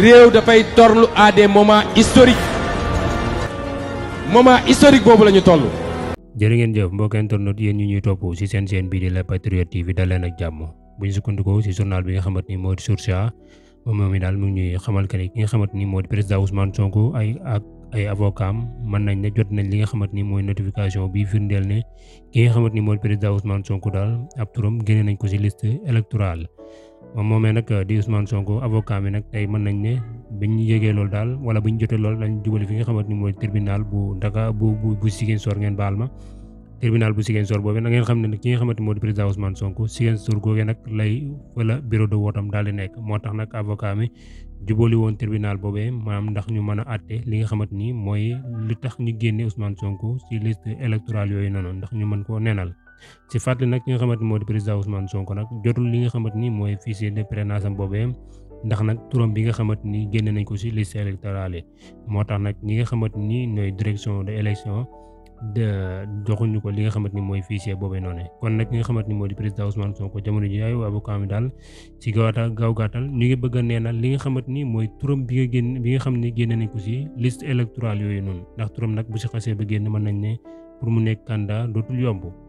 réew dafay torlu à des moments historiques moment historique boobu la ñu toll. jërë jëf mbokk internet yéen ñu ñuy topp ci seen seen bii di la Patriote TV dal leen ak jàmm bu ñu sukkandikoo ci journal bi nga xamante ni moo di Source A moom moom mi daal mu ngi ñuy xamal que ki nga xamante ni moo di président Ousmane Sonko ay ak ay mën nañ ne jot nañ li nga xamante ni mooy notification bi firndeel ne ki nga xamante ni moo di président Ousmane Sonko daal ab turam génne nañ ko ci list électorale. moomee nag di Ousmane Sonko avocat bi nag tey mën nañ ne biñ yégee loolu daal wala buñ jotee loolu dañ jubali fi nga xamante ni mooy tribunal bu Ndaka bu bu bu Ziguinchor baal ma. tribunal bu Ziguinchor boobu na ngeen xam ne ki nga xamante moo di président Ousmane Sonko Ziguinchor googee nag lay wala bureau de daal di nekk moo tax nag avocat mi jubali woon tribunal boobee maanaam ndax ñu mën a àtte li nga xamante ni mooy li tax ñu génne Ousmane Sonko ci liste électorale yooyu noonu ndax ñu mën koo nenal. ci fàttali nag ki nga xamante ni moo di président Ousmane Sonko nag li nga xamante ni mooy fichier de parrainage am boobee ndax nag bi nga xamante ni génne nañ ko ci liste électorale moo tax nag ñi nga xamante ni ñooy direction de élection de joxuñu ko li nga xamante ni mooy fichier boobee kon nag ñi nga xamante ni moo di président Ousmane Sonko jamono ji ay avocat mi daal ci gaaw gaaw gàttal ngi bëgg a nee na li nga xamante ni mooy turam bi nga bi nga xam ni génne nañ ko si list électorale yooyu noonu ndax turam nag bu ci xasee ba génn mën nañ ne pour mu nekk candidat dootul yomb.